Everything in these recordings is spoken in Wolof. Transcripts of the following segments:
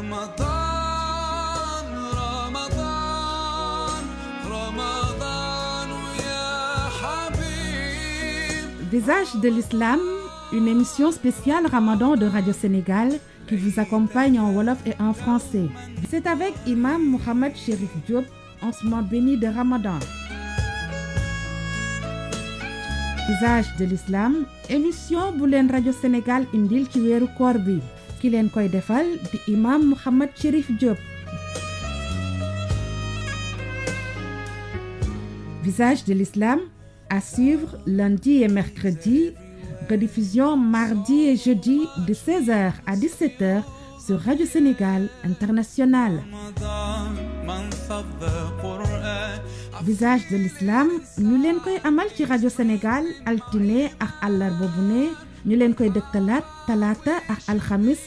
رمضان رمضان رمضان يا حبيب Visage de l'Islam, une émission spéciale Ramadan de Radio Sénégal qui vous accompagne en wolof et en français. C'est avec Imam Mohamed Chérif Diop, enseignement béni de Ramadan. Visage de l'Islam, émission bu leen Radio Sénégal indil ci weeru koor bi. ki koy defal di l'islam à suivre lundi et mercredi, rediffusion mardi et jeudi de 16 à 17 sur Radio Sénégal International. Visage de l'islam ñu leen koy amal ci Radio Sénégal altine ak àllarba bu ñu leen koy dëkkalaat talaata alxamis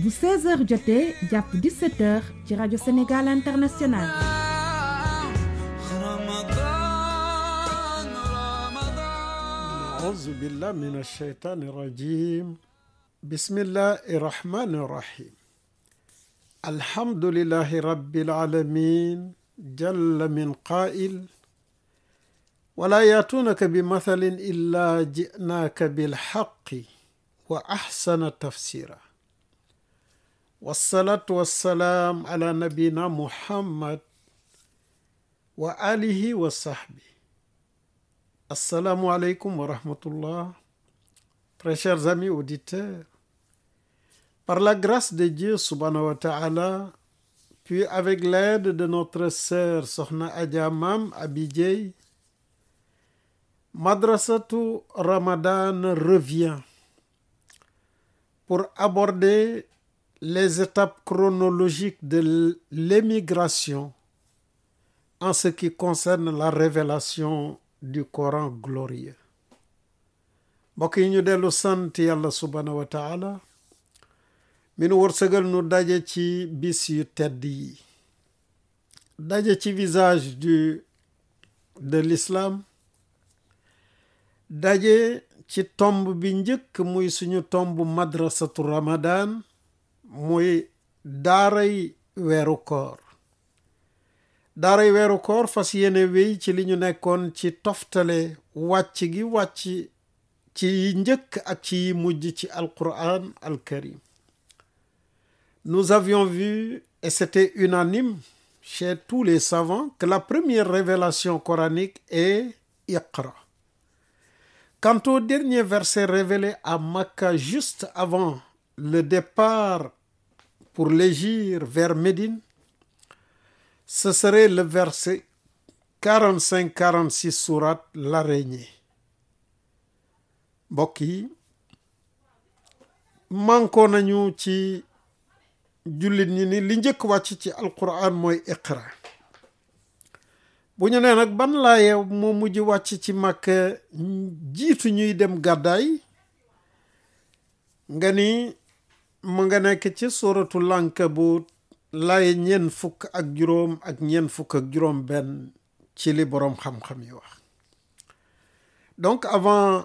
bu 16h jotee jàpp 17h ci rajo Sénégal International. auzu billah min ashaytaani rajim bismillahi rahmani rahim alhamdulillahi rabbil alamin jalla min qaa'il walaa yaatuunaka bi mathalin illaa ji'naaka bilxaqi wa axsana tafsira wassalaatu wassalaam ala nabina muhammad wa alihi wa sahbi assalaamu aleykum wa rahmatullah très chers amis auditeurs par la grâce de Dieu subhanahu wa ta'ala puis avec l'aide de notre sœur Sokhna Adja Mame Abi Dieye Madrasatu Ramadan revient pour aborder les étapes chronologiques de l'émigration en ce qui concerne la révélation du Coran glorieux mbokk yi ñu dellu sant yàlla subhaanahu wa taala mi nu wërsëgal nu daje ci bis yu tedd yi daje ci visage du de l'islam daje ci tomb bi njëkk muy suñu tomb madrasatu ramadan muy daaray weeru koor daaray weeru koor fas yéene ci li ñu nekkoon ci toftale wàcc gi wàcc ci yi njëkk ak ci yi mujj ci alquran alkarim nous avions vu et c'était chez tous les savants que la première révélation coranique est iqra Quant dernier verset révélé à Makka juste avant le départ pour l'Hégire vers Médine, ce serait le verset 45-46 sourate l'araignée mbokk yi manko nañu ci jullit ñi ni li njëkk wàcc ci alquran mooy iqra bu ñu nee nag ban laaye moo mujj wàcc ci Makka jiitu ñuy dem gàddaay nga ni mu nga nekk ci suratu lànk bu laaye ñeen fukk ak juróom ak ñeen fukk ak juróom benn ci li boroom xam-xam yi wax donc avant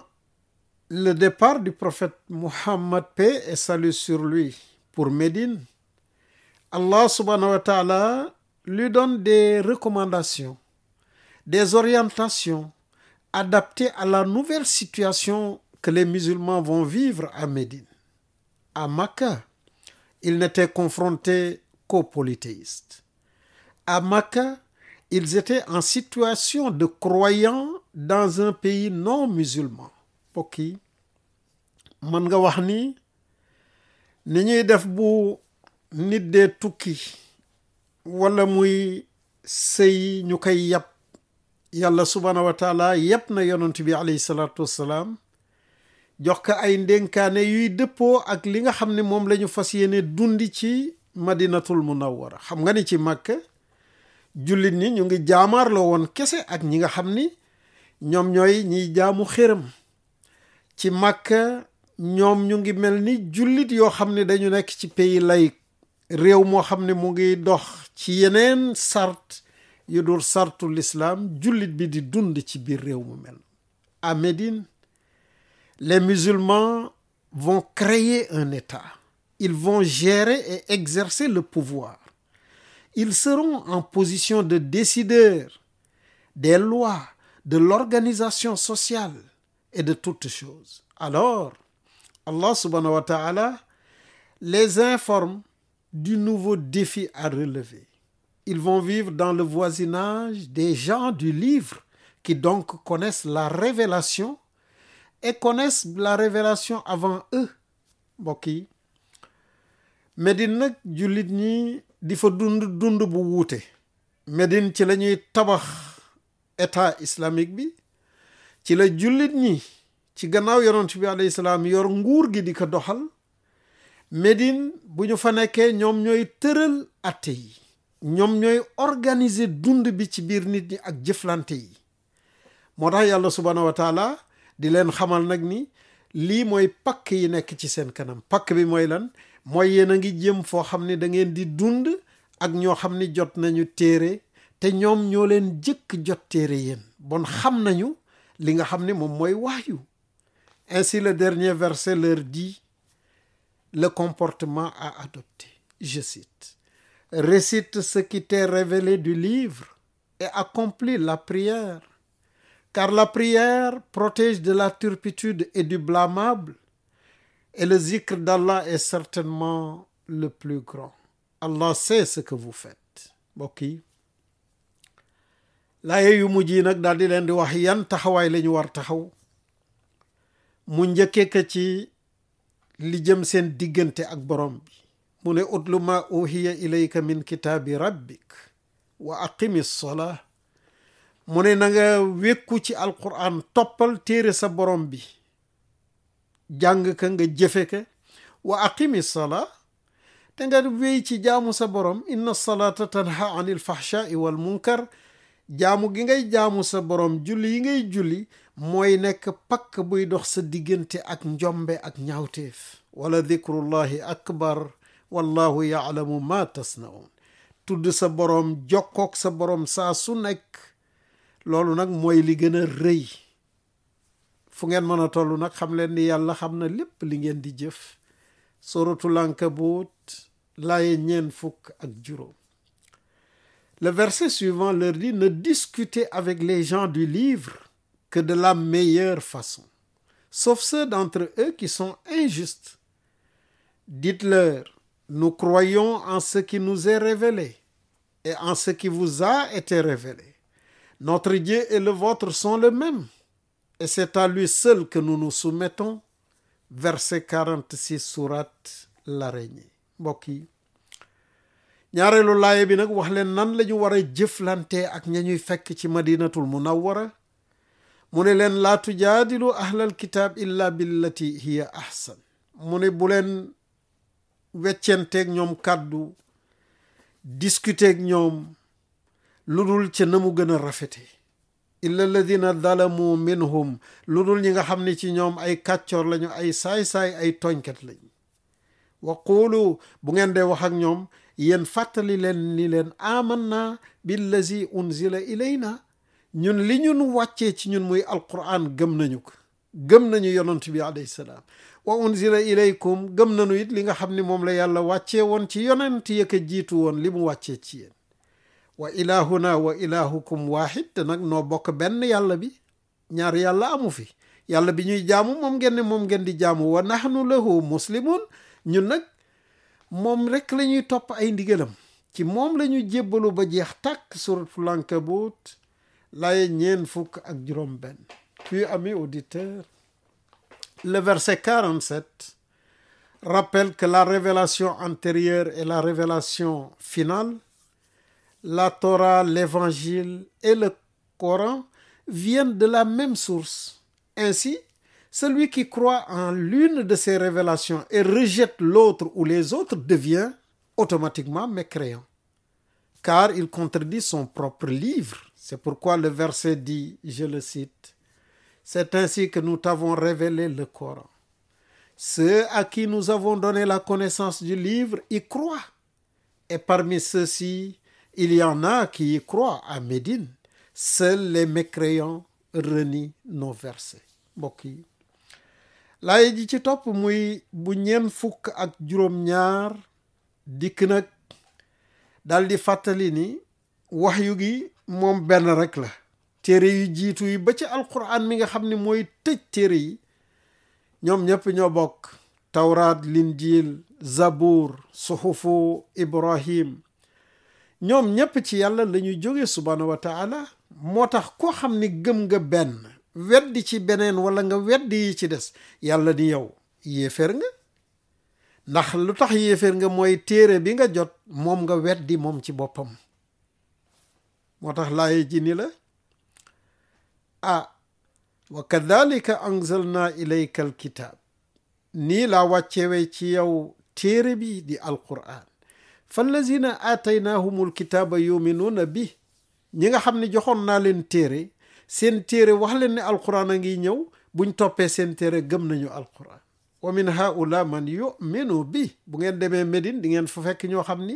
le départ du prophète Muhammad paix et salut sur lui pour Médine Allah subhanahu wa taala doon donne des recommandations des orientations adaptées à la nouvelle situation que les musulmans vont vivre à Médine. À Makka, ils n'étaient confrontés qu'aux polythéistes. À Makka, ils étaient en situation de croyants dans un pays non musulman. mbokk yi mën nga wax ni ni def bu nit des tukkis wala muy sëy ñu koy yàpp yàlla subhaanahu wa taala yépp na yonent bi alayhi salaatu wassalaam jox ko ay ndénkaane yuy dëppoo ak li nga xam ni moom lañu fas yéene dundi ci madinatul mu munawwara xam nga ni ci màkk jullit ñi ñu ngi jaamaarloo woon kese ak ñi nga xam ni ñoom ñooy ñiy jaamu xéram ci màkk ñoom ñu ngi mel ni jullit yoo xam ne dañu nekk ci pays laïc réew moo xam ni mu ngi dox ci yeneen sart yu dul sartu l'islam jullit bi di dund ci biir réew mu mel à Médine les musulmans vont créer un État ils vont gérer et exercer le pouvoir ils seront en position de décideur des lois de l'organisation sociale et de toutes choses alors Allah subhanahu wa ta'ala les informe du nouveau défi à relever Ils vont vivre dans le voisinage des gens du livre qui donc connaissent la révélation et connaissent la révélation avant eux mbokk yi Médine nag jullit ñi di fa dund dund bu wuute Médine ci lañuy tabax état islamique bi ci la jullit ñi ci gannaaw yonent bi alayhi salaam yor nguur gi di ko doxal Médine bu ñu fa nekkee ñoom ñooy tëral atte yi ñoom ñooy organiser dund bi ci biir nit ñi ak jëflante yi moo tax yàlla subhaanahu wa di leen xamal nag ni lii mooy pakk yi nekk ci seen kanam pakk bi mooy lan mooy yéen a ngi jëm foo xam ne dangeen di dund ak ñoo xam ni jot nañu téere te ñoom ñoo leen jëkk jot téere yéen bon xam nañu li nga xam ni moom mooy wahyu ainsi le dernier verset leur dit le comportement à adopter je récite ce qui t'est révélé du livre et accomplis la prière. Car la prière protége de la turpitude et du blâmable, et le zikr d'Allah est certainement le plus grand. Allah sait ce que vous faites. mbokk yi laaye yu mujj yi nag daal di leen di wax yan taxawaay la war taxaw mu njëkkee ka ci li jëm seen diggante ak borom bi mu ne utlu maa uhiya ilayka min kitaabi rabbik wa aqimi salaa mu ne na wékku ci alquran toppal téere sa borom bi jàng ka nga jëfe ka wa aqimi salaa te nga wéy ci jaamu sa borom inna salaata tanha an ilfahshaai wal munkar jaamu gi ngay jaamu sa borom julli yi ngay julli mooy nekk pakk buy dox sa diggante ak njombe ak ñaawteef wala dikrullahi akbar wallahu yaalamu ma tasnaun tudd sa borom jokkook sa borom saa su nekk loolu nag mooy li gën a rëy fu ngeen mën a toll nag xam leen ni yàlla xam na lépp li ngeen di jëf suratul ankabut laaye ñeen fukk ak juróom le verset suivant leur dit ne discutez avec les gens du livre que de la meilleure façon sauf ceux d'entre eux qui sont injustes dites-leur Nous croyons en ce qui nous est révélé et en ce qui vous a été révélé. Notre Dieu et le vôtre sont le même, et c'est à lui seul que nous nous soumettons. Verset 46 sourate L'Araignée. Mbokk yi ñaareelu laaye bi nag wax leen nan lañu ñu war a jëflante ak ña ñuy fekk ci madinatul munawwara mu ne leen laatu tujaadilu ahlal kitaab illa billati hiya ahsan mu ne bu leen weccenteeg ñoom kàddu discuter ñoom lu dul ca na mu gën a rafete illa alladina dalamu minhum lu dul ñi nga xam ne ci ñoom ay kàccoor lañu ay saay-saay ay tooñkat lañ wa quulu bu ngeen dee wax ak ñoom yéen fàttali leen ni leen amanna billazi unzila ilayna ñun li ñun wàccee ci ñun muy alquran gëm nañu ko gëm nañu yonent bi alayhi salaam wa unzila ilaykum gëm nañu it li nga xam ni moom la yàlla wàccee woon ci yonent yëkk a jiitu woon li mu wàccee ci yéen wa ilahuna wa ilahukum waahid te nag noo bokk benn yàlla bi ñaar yàlla amu fi yàlla bi ñuy jaamu moom ngeen ne moom ngeen di jaamu wa nahnu lahu muslimun ñun nag moom rek lañuy topp ay ndigalam ci moom la ñu jébbalu ba jeex tàkk sur flankabut lay ñeen fukk ak juróom benn Puis, amis auditeurs, le verset 47 rappelle que la révélation antérieure et la révélation finale, la Torah, l'Évangile Coran viennent de la même source. Ainsi, celui qui croit en l'une de ces révélations et rejette l'autre ou les autres devient automatiquement mécréant, il contredit son propre livre. C'est pourquoi le verset dit, je le cite, C'est ainsi que nous t'avons révélé le Coran. Ceux à qui nous avons donné la connaissance du livre y croient. Et parmi ceux-ci, il y en a qui y croient à Médine. Seuls les mécréants renient nos versets. mbokk yi laay ji ci topp muy bu ñeent fukk ak juróom-ñaar dikk nag dal di fàttali ni wax yu gi moom rek la téere yu jiitu yi ba ci alquran mi nga xam ne mooy tëj téere yi ñoom ñëpp ñoo bokk tawraat linjil zabour suhufu ibrahim ñoom ñëpp ci yàlla la ñuy jóge subhaanahu wa moo tax koo xam ni gëm nga benn weddi ci beneen wala nga weddi yi ci des yàlla ni yow yéeféer nga ndax lu tax yéeféer nga mooy téere bi nga jot moom nga weddi moom ci boppam moo tax laaye ji la a wa kadhalika anzalna ilayka nii ni laa wàccewe ci yow téere bi di alquran fallazina aataynahum alkitaba yuminuuna bi ñi nga xam ne joxoon naa leen téere seen téere wax leen ne alquran a ngi ñëw buñ toppee seen téere gëm nañu alquran wa min haula man yuminu bi bu ngeen demee Médine di ngeen fu fekk ñoo xam ni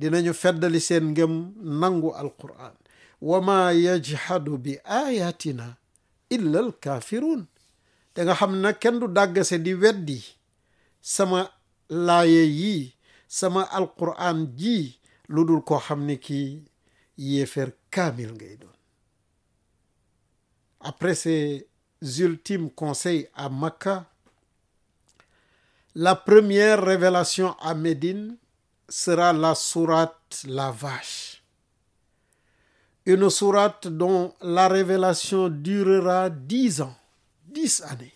dinañu feddali seen ngëm nangu alquran wa maa yajhadu bi ayatina illa al kaafiruun te nga xam na kenn du dàggase di weddi sama laaye yii sama alquraan ji lu dul koo xam ni kii yéeféer kaamil ngay doon après ces ultimes conseils à Makka la première révélation à Médine sera la sourate la vache une sourate dont la révélation durera dix ans, dix années.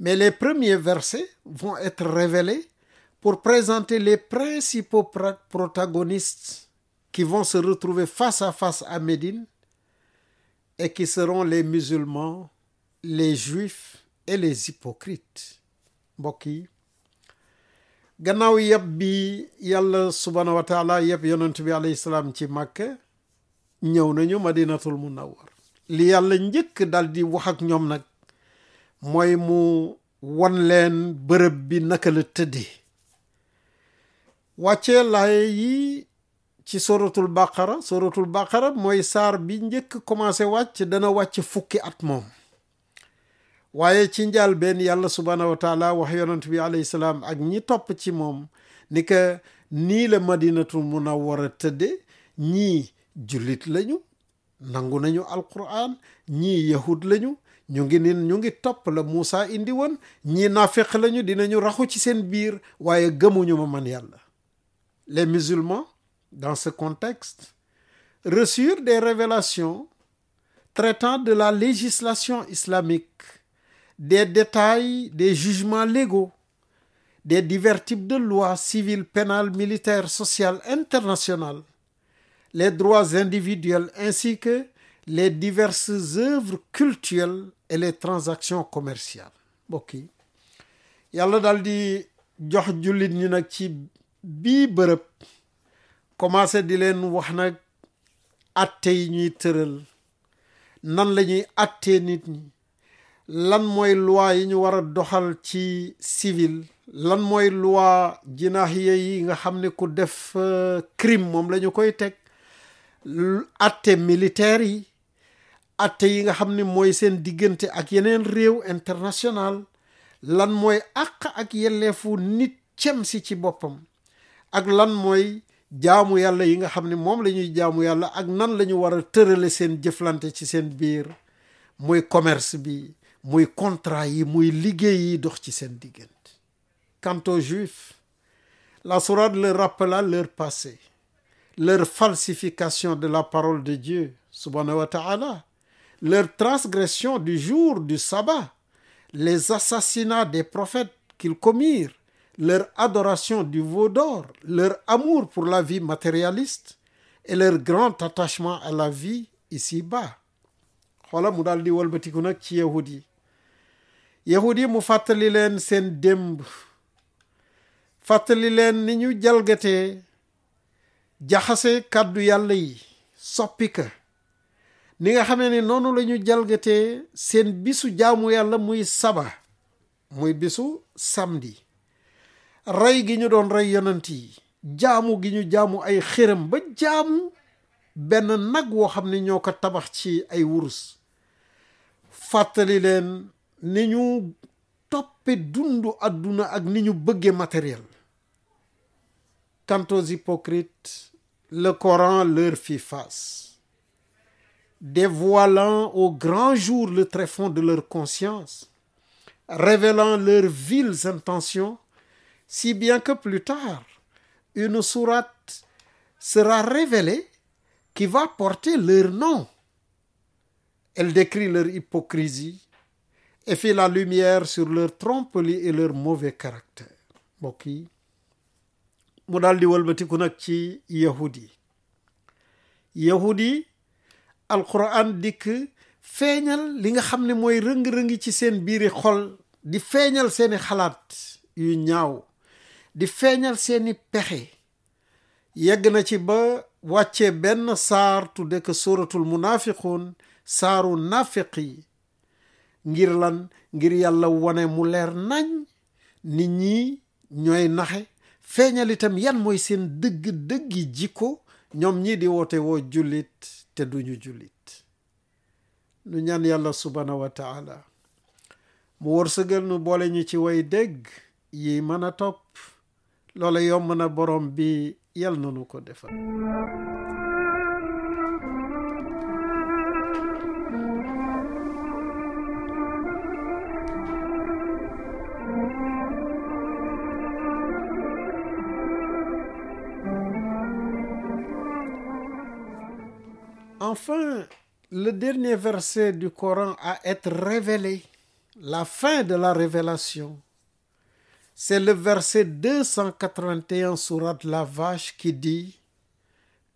Mais les premiers versets vont être révélés pour présenter les principaux protagonistes qui vont se retrouver face à face à Médine et qui seront les musulmans, les juifs et les hypocrites. mbokk yi gannaaw yëpp bi yàlla subhaanahu wa yëpp yonent salaam ci Màkka ñëw nañu madinatul munawwar li yàlla njëkk dal di wax ak ñoom nag mooy mu won leen bërëb bi naka la tëddee wàccee laaye yi ci suratul baqara suratul baqara mooy saar bi njëkk commencé wàcc dana wàcc fukki at moom waaye ci njaal benn yàlla subhaanahu wa taala wax yonent bi alayhi salaam ak ñi topp ci moom ni que nii la madinatul mu a tëdde ñii jullit lañu nangu nañu alquran ñii yahud lañu ñu ngi nin ñu ngi topp la Muusa indi woon ñii naafeq lañu dinañu raxu ci seen biir waaye gëmuñu ma man yàlla les musulmans dans ce contexte reçurent des révélations traitant de la législation islamique des détails des jugements légaux des divers types de lois civiles pénales militaire sociales internationales les droits individuels ainsi que les diverse œuvres cultuelles et les transactions commerciales mbokk yi yàlla daal di jox jullit ñi nag ci bii bërëb commencé di leen wax nag atte yi ñuy tëral nan la ñuy attee nit ñi lan mooy loi yi ñu war a doxal ci civil lan mooy loi jinaahiya yi nga xam ne ku def euh, crime moom lañu koy teg atte militaire yi atte yi nga xam ni mooy seen diggante ak yeneen réew international lan mooy àq ak yelleefu nit cem si ci boppam ak lan mooy jaamu yàlla yi nga xam ni moom lañuy jaamu yàlla ak nan lañu ñu war a tërale seen jëflante ci seen biir muy commerce bi muy contrat yi muy liggéey yi dox ci seen diggante quant aux la sourate leur rappela leur passé leur falsification de la parole de Dieu subhanahu wa ta'ala leur transgression du jour du sabbat les assassinats des prophètes qu'ils commirent leur adoration du veau d'or leur amour pour la vie matérialiste et leur grand attachement à la vie ici ba xoola mu daal di walbatiku nag ci yahud yi yahud mu fàttali leen seen démb fàttali leen ni ñu jalgatee jaxase kàddu yàlla yi soppi ka ni nga xamee ne noonu lañu ñu jalgatee seen bisu jaamu yàlla muy saba muy bisu samdi rey gi ñu doon rey yonent yi jaamu gi ñu jaamu ay xërëm ba jaamu benn nag woo xam ne ñoo ko tabax ci ay wurus fàttali leen ni ñu toppe dundu àdduna ak ni ñu bëggee matériel Quant aux hypocrites, le Coran leur fit face, dévoilant au grand jour le tréfonds de leur conscience, révélant leurs viles intentions, si bien que plus tard, une sourate sera révélée qui va porter leur nom. Elle décrit leur hypocrisie et fait la lumière sur leur tromperie et leur mauvais caractère. mbokk yi mu daal di wëlbatiku nag ci yahud yi yahud yi alquran dikk feeñal li nga xam ne mooy rëng-rëngi ci seen biiri xol di feeñal seeni xalaat yu ñaaw di feeñal seeni pexe yegg na ci ba wàcce benn saar tudde ko suratul munafiqun saaru nafiq yi ngir lan ngir yàlla wone mu leer nañ nit ñi ñooy naxe feeñal itam yan mooy seen dëgg-dëggi jikko ñoom ñii di woote woo jullit te duñu jullit nu ñaan yàlla subhaanahu wa taala mu wërsëgal nu boole ñu ci way dëgg yi mën a topp loola yomb na borom bi yal nanu ko defal enfin le dernier verset du Coran à être révélé, la fin de la révélation, c'est le verset 281 sourate la vache qui dit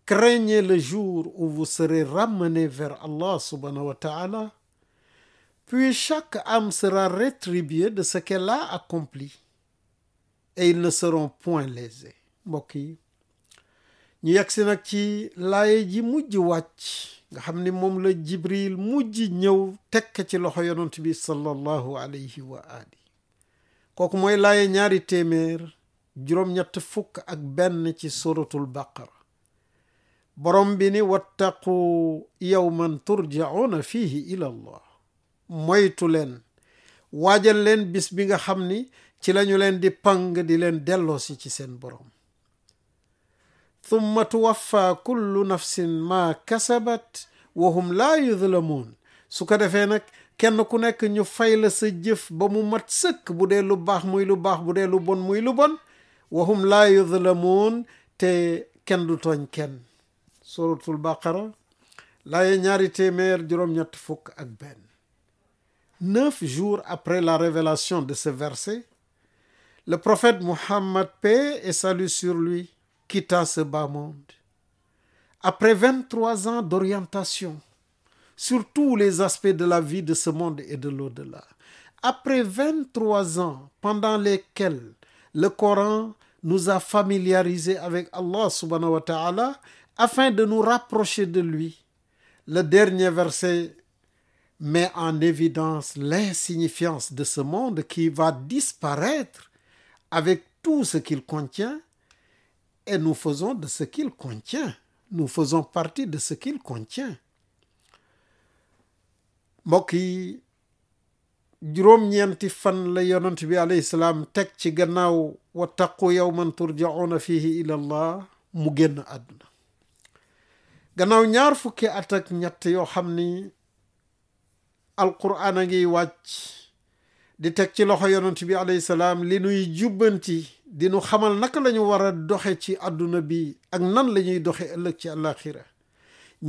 craignez le jour où vous serez ramenés vers Allah subhanahu wa ta'ala puis chaque âme sera rétribuée de ce qu'elle a accompli et ils ne seront point lésés mbokk yi ñu yegg si nag ci laaye ji mujj wàcc nga xam ni moom la jibril mujj ñëw tekk ci loxo yonent bi sallallahu alayhi wa ali kooku mooy laaye ñaari téeméer juróom-ñett fukk ak benn ci suratul baqara borom bi ni wattaqu yawman turjauna fihi ila allah moytu leen waajal leen bis bi nga xam ni ci lañu leen di pang di leen delloosi ci seen borom thumma tuwaffa kullu nafsin ma kasabat wa hum la yudlamuun su ko defee nag kenn ku nekk ñu fay la sa jëf ba mu mat sëkk bu dee lu baax muy lu baax bu dee lu bon muy lu bon wa hum laa yudlamuun te kenn du toñ kenn suratul baqara laaye ñaari téeméer juróom-ñett fukk ak benn neuf jours après la révélation de ce verset le prophète Mohammed paix et salut sur lui quitta ce bas monde. Après 23 ans d'orientation sur tous les aspects de la vie de ce monde et de l'au-delà, après 23 ans pendant lesquels le Coran nous a familiarisés avec Allah subhanahu wa ta'ala afin de nous rapprocher de lui, le dernier verset mais en évidence l'insignifiance de ce monde qui va disparaître avec tout ce qu'il contient et nous faisons de ce qu'il contient nous faisons partie de ce qu'il contient mbokk yi juróom-ñeenti fan la yonent bi alayhi salaam teg ci gannaaw wa taqu man turjauna fihi ila allah mu génn àdduna gannaaw ñaar fukki at ñett yoo xam ni alquraan a ngiy wàcc di teg ci loxo yonent bi alayhi salaam li nuy jubbanti di nu xamal naka lañu war a doxe ci àdduna bi ak nan la ñuy doxe ëllëg ci àllaaxira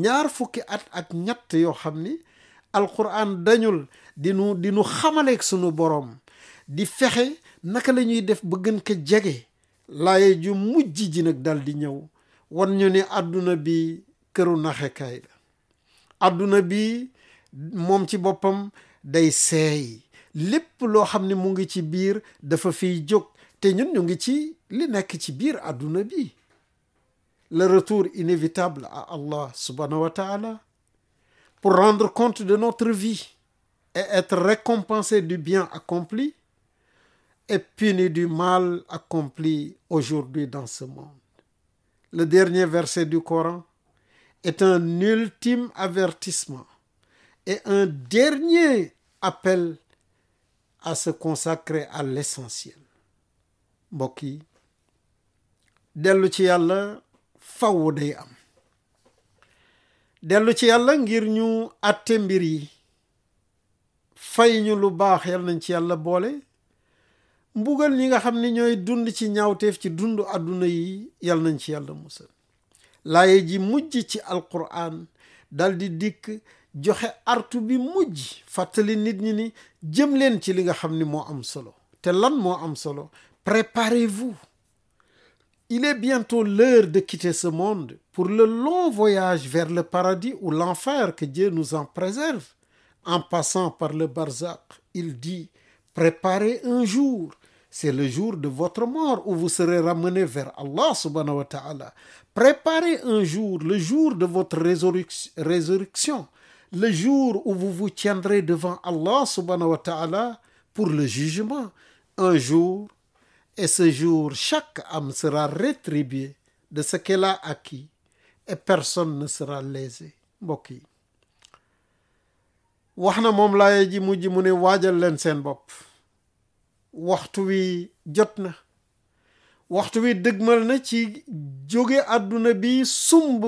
ñaar fukki at ak ñett yoo xam ni alquran dañul di dinu xamaleek sunu boroom di fexe naka lañuy def ba gën ko jege laye ju mujj ji nag dal di ñëw wan ñu ne àdduna bi këru naxekaay la àdduna bi moom ci boppam day seey lépp loo xam ne mu ngi ci biir defa fii jog te ñun ñu ngi ci li nekk ci biir àdduna bi le retour inévitable à Allah subhanahu wa ta'ala pour rendre compte de notre vie et être récompensé du bien accompli et puni du mal accompli aujourd'hui dans ce monde. Le dernier verset du Coran est un ultime avertissement et un dernier appel à se consacrer à l'essentiel mbokk yi dellu ci yàlla faww day am dellu ci yàlla ngir ñu àtte mbir yi fay ñu lu baax yal nañ ci yàlla boole mbugal ñi nga xam ni ñooy dund ci ñaawteef ci dund àdduna yi yal nañ ci yàlla musal laaye ji mujj ci alquran dal di dikk joxe artu bi mujj fàttali nit ñi ni jëm leen ci li nga xam ni moo am solo te lan moo am solo préparez-vous il est bientôt l'heure de quitter ce monde pour le long voyage vers le paradis ou l'enfer que Dieu nous en préserve en passant par le barzakh il dit préparez un jour c'est le jour de votre mort où vous serez ramenés vers Allah subhanahu wa ta'ala préparez un jour le jour de votre résurrection le jour où vous vous tiendrez devant Allah subhanahu wa pour le jugement, un jour, et ce jour, chaque am sera rétribuée de ce qu'elle a acquis et personne ne sera lésé mbokk yi wax na moom laay ji mujj mu ne waajal leen seen bopp waxtu wi jot na waxtu wi dëgmal na ci jóge àdduna bi sumb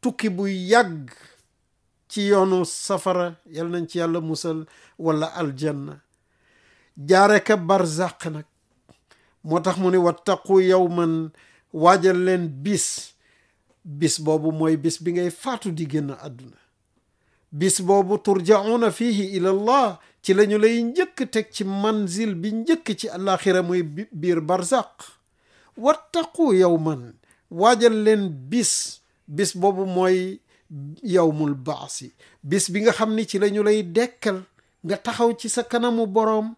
tukki bu yàgg ci yoonu safara yal nañ ci yàlla musal walla aljanna jaare ka barzaq nag moo tax mu ne wattaqu yawman waajal leen bis bis boobu mooy bis bi ngay faatu di génn àdduna bis boobu turjauna fihi ila allah ci lañu lay njëkk teg ci manzil bi njëkk ci alaxira muy biir barzaq wattaqu yawman waajal leen bis bis boobu mooy yow yawmul baasi bis bi nga xam ni ci lañu lay dekkal nga taxaw ci sa kanamu boroom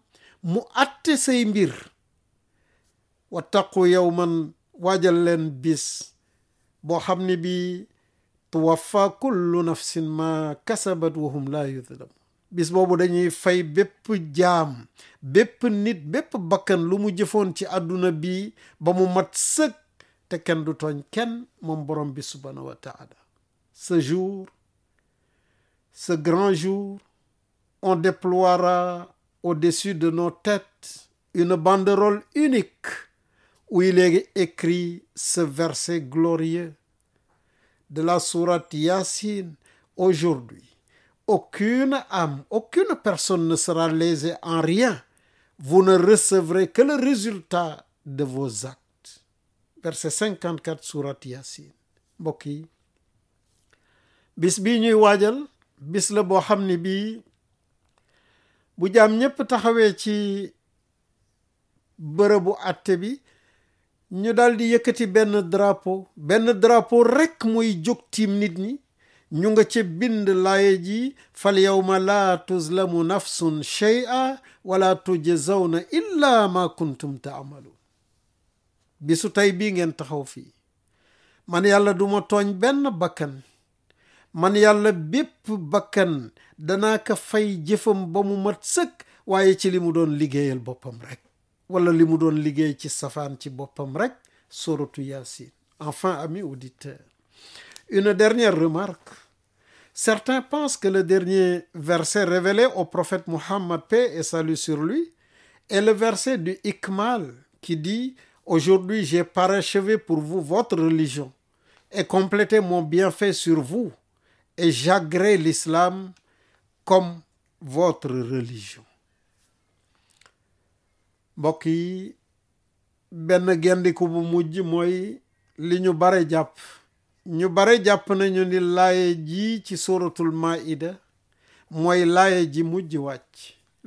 mu atte say mbir wa yow man waajal leen bis boo xam ni bi tuwaffa kullu nafsin ma boobu dañuy fay bépp jaam bépp nit bépp bakkan lu mu jëfoon ci àdduna bi ba mu mat sëkk te kenn du tooñ kenn moom borom bi subhaanahu wa ce jour, ce grand jour, on déploiera au-dessus de nos têtes une banderole unique où il est écrit ce verset glorieux de la sourate Yassine. Aujourd'hui, aucune âme, aucune personne ne sera lésée en rien. Vous ne recevrez que le résultat de vos actes. Verset 54 sourate Yassine. bis bii ñuy waajal bis la boo xam ne bi bu jaam ñépp taxawee ci bërëbu àtte bi ñu daldi yëkkati benn drapeau benn drapo rekk muy jóg tiim nit ñi ñu nga ci bind laaye ji fal yawma laa tuzlamu nafsun shay'a wala tujzawna illa ma kuntum taamalu bisu tey bii ngeen taxaw fii man yàlla duma tooñ benn bakkan man yàlla bépp bakkan dana ko fay jëfam ba mu mat sëkk waaye ci li mu doon liggéeyal boppam rek wala li mu doon liggéey ci safaan ci boppam rek suratu Yasin enfin ami auditeurs une dernière remarque certains pensent que le dernier verset révélé au prophète Muhammad paix et salut sur lui est le verset du Ikmal qui dit aujourd'hui j'ai parachevé pour vous votre religion et complété mon bienfait sur vous et j'agrée l'islam comme votre religion mbokk yi benn gendiku bu mujj mooy li ñu bare jàpp ñu bare jàpp nañu ni laaye ji ci suratul maida mooy laaye ji mujj wàcc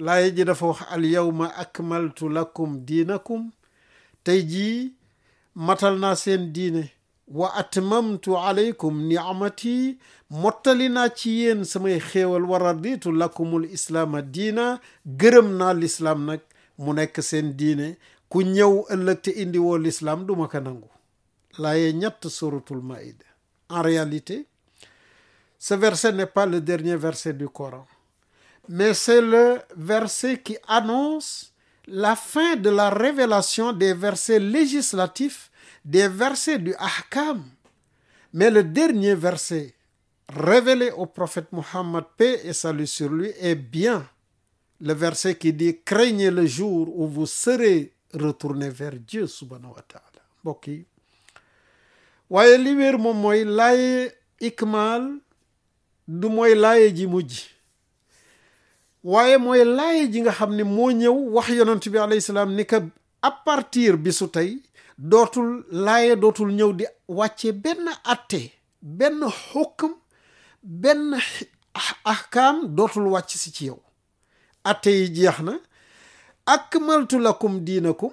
laaye ji dafa wax al yawma akmaltu lakum diinakum tey jii matal naa seen diine wa atmamtu alaykum niamati mottali naa ci yéen samay xéewal wa raditu lakumul islaama diina gërëm naa lislaam nag mu nekk seen diine ku ñëw ëllëg te indi woo lislaam du ko nangu laaye ñett suratul maïda en réalité ce verset n'est pas le dernier verset du Coran mais c'est le verset qui annonce la fin de la révélation des versets législatifs des versets du Ahkam. Mais le dernier verset révélé au prophète Mohammed, paix et salut sur lui, est bien le verset qui di craignez le jour où vous serez retourné vers Dieu subhanahu wa taala mbokk yi waaye li wéer moom mooy laaye ikmaal du mooy laaye ji mujj waaye mooy laaye ji nga xam ni moo ñëw wax yonent bi alayhi salaam ni que à partir bi su tey dootul laaya dootul ñëw di wàcce benn atte benn xukm benn ahkaam dootul wàcc si ci yow atte yi jeex na akmaltu diina diinakum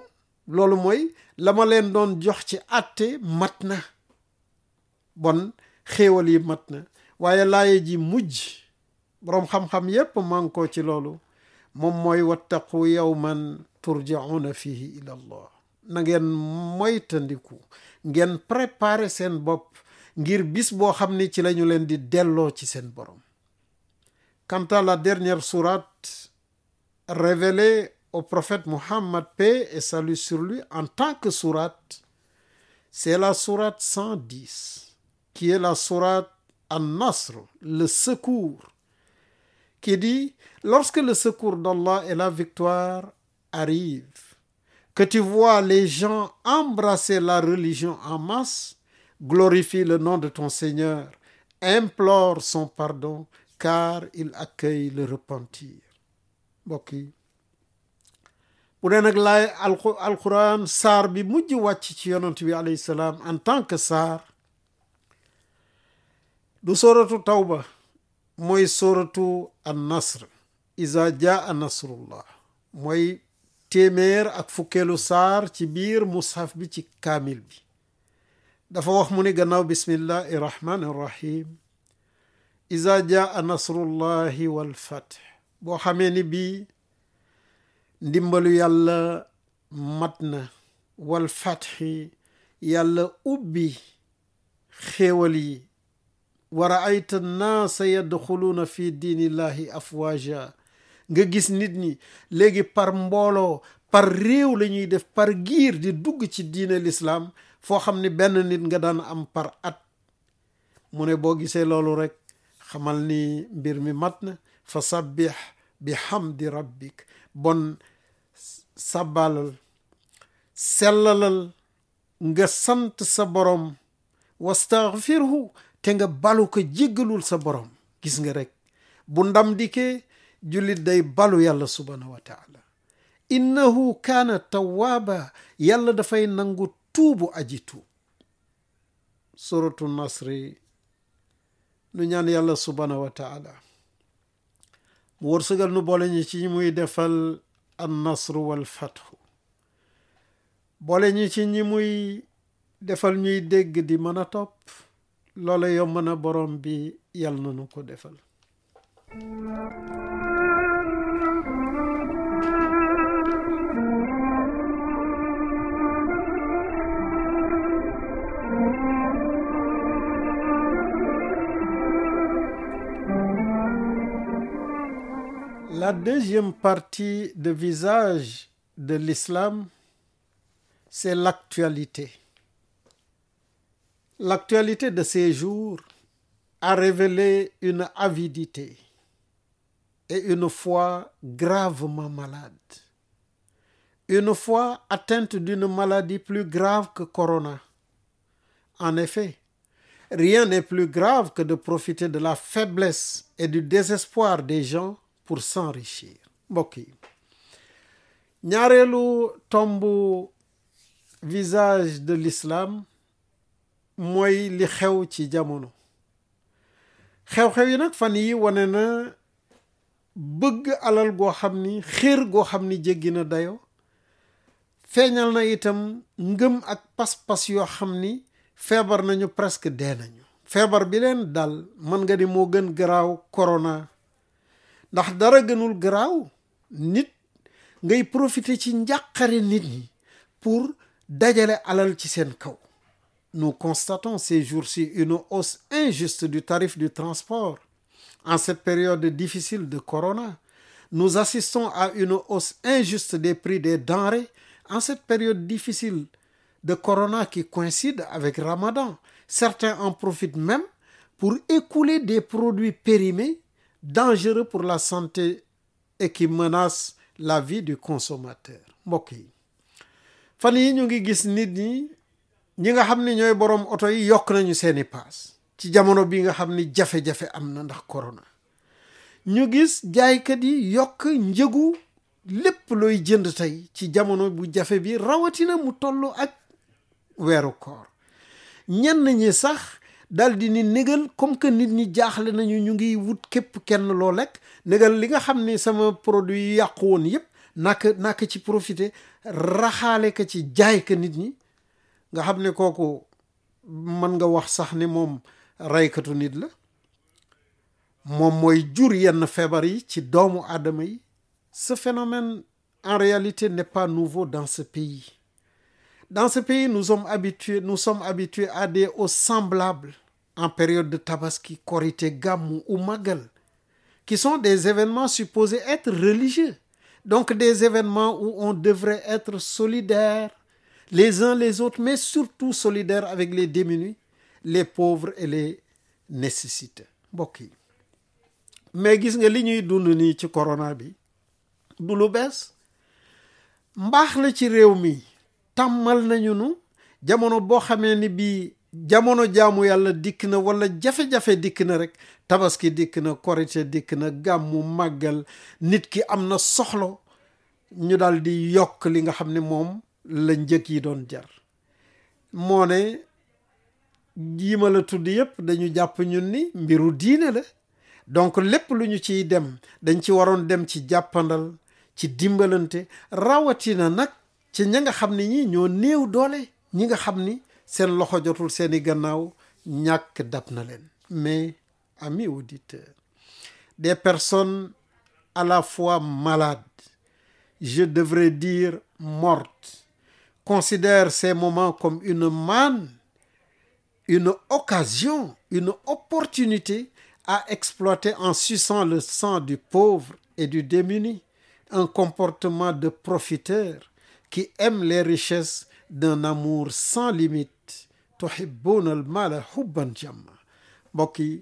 loolu mooy lama leen doon jox ci atte mat na bon xéewal yi mat na waaye laaya ji mujj boroom xam-xam yépp mànkoo ci loolu moom mooy wattaqu yawman turjauna fihi ila allah na ngeen moytandiku ngeen préparer seen bopp ngir bis boo xam ni ci lañu leen di delloo ci seen borom quant à la dernière sourate révélée au prophète Muhammad paix et salut sur lui en tant que sourate c'est la sourate 110 qui est la sourate An-Nasr le secours qui dit lorsque le secours d'Allah et la victoire arrivent que tu vois les gens embrasser la religion en masse, glorifie le nom de ton Seigneur, implore son pardon, car il accueille le repentir. mbokk yi bu dee nag laay alquran saar bi mujj wàcc ci yonent bi alayhi salaam en tant que saar du sooratu tawba mooy sooratu an nasr iza jaa nasrullah téeméer ak fukkeelu saar ci biir mushaf bi ci kaamil bi dafa wax mu ni gannaaw bismillahi irrahmani irrahim iza jaa nasrullahi walfath boo xamee ni bii ndimbalu yàlla mat na wal fathi yàlla ubbi xéewal yi wa raayta nnaasa yadxuluuna fi diinillahi afwaaja nga gis nit ñi léegi par mbooloo par réew la ñuy def par giir di dugg ci diine lislaam foo xam ni benn nit nga daan am par at mu ne boo gisee loolu rek xamal ni mbir mi mat na fa sabbih bi di rabbik bon sabbalal sellalal nga sant sa borom wastaghfirhu te nga balu ko jéggalul sa borom gis nga rek bu ndam dikee jullit day balu yàlla subhaanahu wa taala innahu kaana tawaaba yàlla dafay nangu tuubu aji tuub suratu nasri nu ñaan yàlla subhaanahu wa taala mu wërsëgal nu boole ñu ci muy defal an nasru wal fathu boole ñu ci ñi muy defal ñuy dégg di mën a topp loola yomb na borom bi yàlla na nu ko defal la deuxième partie de visage de l'islam, c'est l'actualité. L'actualité de ces jours a révélé une avidité et une foi gravement malade. Une foi atteinte d'une maladie plus grave que Corona. En effet, rien n'est plus grave que de profiter de la faiblesse et du désespoir des gens pour s'enrichir mbokk yi ñaareelu tomb visage de lislaam mooy li xew ci jamono xew-xew yi nag fan yi wane na bëgg alal goo xam ni xéer goo xam ni jéggi na dayo feeñal na itam ngëm ak pas-pas yoo xam ni feebar nañu presque dee nañu feebar bi leen dal mën nga di moo gën garaaw corona ndax dara gënul garaaw nit ngay profiter ci njàqare nit ñi pour dajale alal ci seen kaw nous constatons ces jours-ci une hausse injuste du tarif du transport en cette période difficile de corona nous assistons à une hausse injuste des prix des denrées en cette période difficile de corona qui coïncide avec Ramadan certains en profitent même pour écouler des produits périmés dangereux pour la santé et qui la vie du consomateur mbokk yi fan yi ñu ngi gis nit ñi ñi nga xam ne ñooy boroom oto yi yokk nañu seeni paas ci jamono bi nga xam ni jafe-jafe am na ndax corona ñu gis jaaykat yi yokk njëgu lépp looy jënd tey ci jamono bu jafe bi rawatina mu toll ak weeru koor ñenn ñi sax daal di ni négal comme que nit ñi jaaxle nañu ñu ngi wut képp kenn loo lekk négal li nga xam ni sama produit yi yàqu woon yëpp naka naka ci profité raxaale ka ci jaay ka nit ñi nga xam ne kooku mën nga wax sax ni moom reykatu nit la moom mooy jur yenn feebar yi ci doomu aadama yi ce phénomène en réalité n'est pas nouveau dans ce pays Dans ce pays, nous sommes habitués, nous à des hauts semblables en période de Tabaski, Korité, Gamou ou Magal, qui sont des événements supposés être religieux. Donc des événements où on devrait être solidaire les uns les autres, mais surtout solidaire avec les démunis, les pauvres et les nécessiteux. mbokk yi mais gis nga li ñuy dund nii ci corona bi du lu bees mbaax la ci réew mi tàmmal nañu nu jamono boo xamee ni bii jamono jaamu yàlla dikk na wala jafe-jafe dikk na rek tabaski dikk na korite dikk na gàmmu màggal nit ki am na soxlo ñu dal di yokk li nga xam ni moom la njëg yi doon jar moo ne yi la tudd yëpp dañu jàpp ñun ni mbiru diine la donc lépp lu ñu ciy dem dañ ci waroon dem ci jàppandal ci dimbalante rawatina nag ci ña nga xam ni ñi ñoo néew doole ñi nga xam ni seen loxo jotul seeni gannaaw ñàkk dab na leen mais amis auditeurs des personnes à la fois malades je devrais dire mortes considèrent ces moments comme une manne une occasion une opportunité à exploiter en suçant le sang du pauvre et du démuni un comportement de profiteur ki aime les richesses d'un amour sans limite tuhibbuuna al maala hubban jamma mbokk yi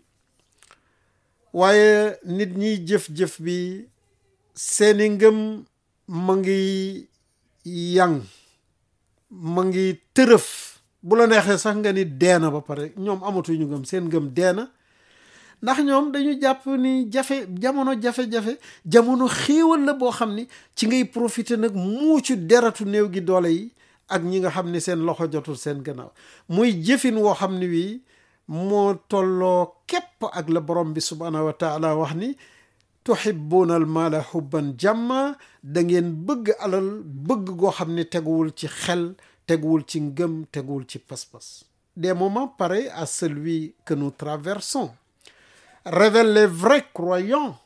waaye nit ñi jëf-jëf bi seeni ngëm ma ngi yang ma ngi tërëf bu la neexee sax nga ni deena ba pare ñoom amatuñu ngëm seen ngëm deena ndax ñoom dañu jàpp ni jafe jamono jafe-jafe jamono xéewal la boo xam ni ci ngay profité nag muucu deratu néew gi doole yi ak ñi nga xam ni seen loxo jotul seen gannaaw muy jëfin woo xam ni wii moo tolloo képp ak la borom bi subhaanahu wataala wax ni tuhibbuuna al maala hubban dangeen bëgg alal bëgg goo xam ni teguwul ci xel teguwul ci ngëm teguwul ci pas de moment pare pareils à celui que nous traversons révèle les vrais croyants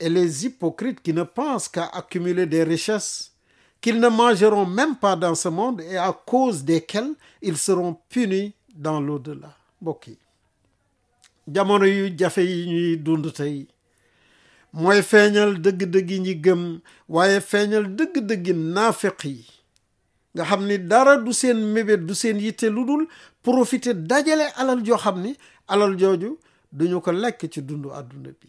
et les hypocrites qui ne pensent qu'à accumuler des richesses qu'ils ne mangeront même pas dans ce monde et à cause desquelles ils seront punis dans l'au-delà mbokk yi jamono yu jafe yi ñuy dund tey mooy feeñal dëgg-dëggi ñi gëm waaye feeñal dëgg-dëggi naafeq yi nga xam ni dara du seen mébét du seen yitte lu dul profiter dajale alal joo xam ni alal jooju duñu ko lekk ci dundu àdduna bi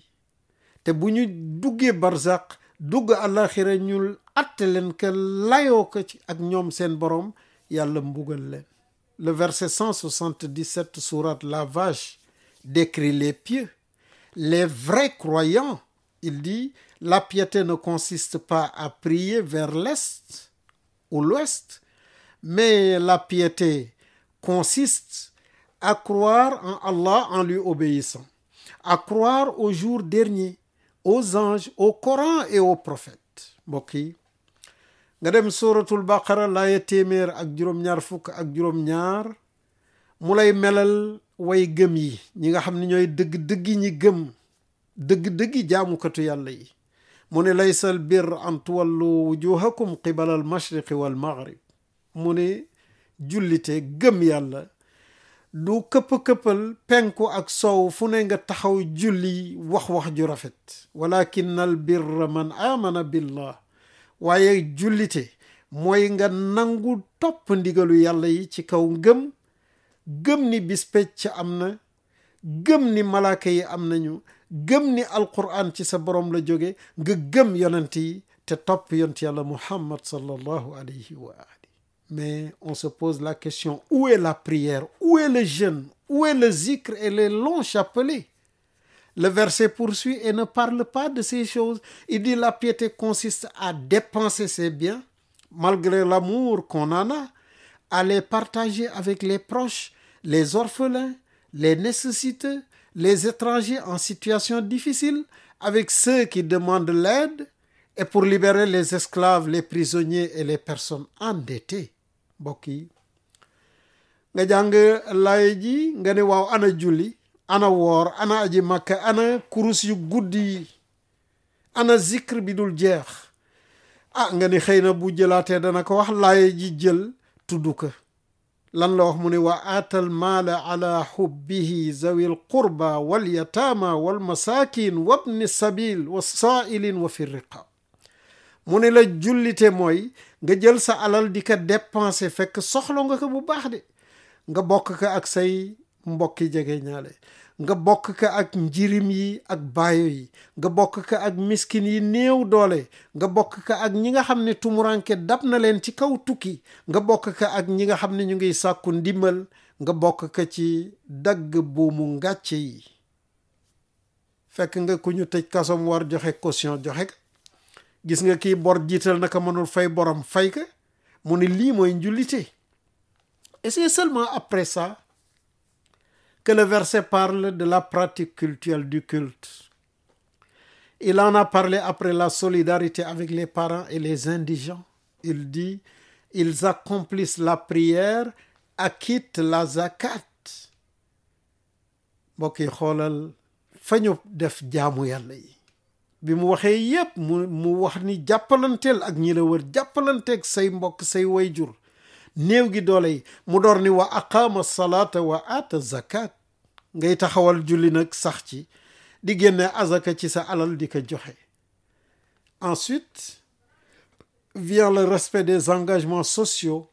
te bu ñu duggee barzaq dugg àllaaxira ñul atte leen que layoo ci ak ñoom seen borom yàlla mbugal leen le verset 177 sourate la vache décrit les pieux les vrais croyants il dit la piété ne consiste pas à prier vers l'est ou l'ouest mais la piété consiste à croire en Allah en lui obéissant, à croire au jour dernier, aux anges, au Coran et aux prophètes mbokk yi nga dem suratul baqara laaya téeméer ak juróom-ñaar fukk ak juróom-ñaar mu lay melal way gëm yi ñi nga xam ni ñooy dëgg-dëggi ñi gëm dëgg-dëggi jaamukatu yàlla yi mu ne lay laysal bir an tuwallu wujuhakum qibala al mashriqi wal maghrib mu ne jullite gëm yàlla du këpp-këppal penku ak soow fu ne nga taxaw julli wax-wax ju rafet walakin al birra man amana billah waaye jullite mooy nga nangu topp ndigalu yàlla yi ci kaw ngëm gëm ni bis pecc am na gëm ni malaaka yi am nañu gëm ni alquran ci sa borom la jóge nga gëm yonent yi te topp yonent yàlla muhammad sallallahu alayhi wa ali Mais on se pose la question, où est la prière? Où est le jeûne? Où est le zikr et le longs chapelets? Le verset poursuit et ne parle pas de ces choses. Il dit la piété consiste à dépenser ses biens, malgré l'amour qu'on en a, à les partager avec les proches, les orphelins, les nécessiteux, les étrangers en situation difficile, avec ceux qui demandent l'aide, et pour libérer les esclaves, les prisonniers et les personnes endettées. mbokk yi nga jàng lay ji nga ne waaw ana julli ana woor ana aji makka ana kurus yu guddi yi ana zikr bi dul jeex ah nga ne xëy na bu jëlaatee dana ko wax lay ji jël tudd lan la wax mu ne wa aatal ala xubbihi zawi l qurba walyataama walmasaakin wabni sabil wa saailin wa fi mu ne la jullite mooy nga jël sa alal di ko dépenser fekk soxla nga ko bu baax de nga bokk ko ak say mbokki jege ñaale nga bokk ko ak njirim yi ak baayo yi nga bokk ko ak miskin yi néew doole nga bokk ko ak ñi nga xam ne tumuranke dab na leen ci kaw tukki nga bokk ko ak ñi nga xam ni ñu ngiy sàkku ndimbal nga bokk ko ci dagg buumu ngàcce yi fekk nga ku ñu tëj kasom war joxe caution joxe gis nga kii bor jiital naka mënul fay borom fay ka mu ne lii mooy njullite e c'est seulement après ça que le verset parle de la pratique cultuelle du culte il en a parlé après la solidarité avec les parents et les indigents il dit ils accomplissent la prière acquittent la zakat mbokk yi xoolal fa def jaamu yàlla yi bi mu waxee yépp mu mu wax ni jàppalanteel ak ñi la wër jàppalanteek say mbokk say wayjur néew gi doole mu door ni wa aqaama salaata wa aata zakat ngay taxawal julli nag sax ci di génne azaka ci sa alal di joxe ensuite vient le respect des engagements sociaux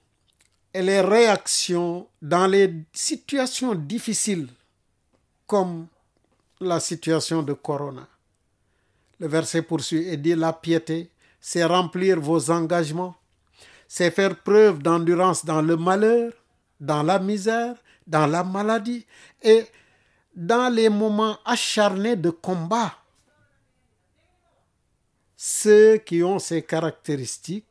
et les réactions dans les situation difficiles comme la situation de corona Le verset poursuit et dit, la piété, c'est remplir vos engagements, c'est faire preuve d'endurance dans le malheur, dans la misère, dans la maladie et dans les moments acharnés de combat. Ceux qui ont ces caractéristiques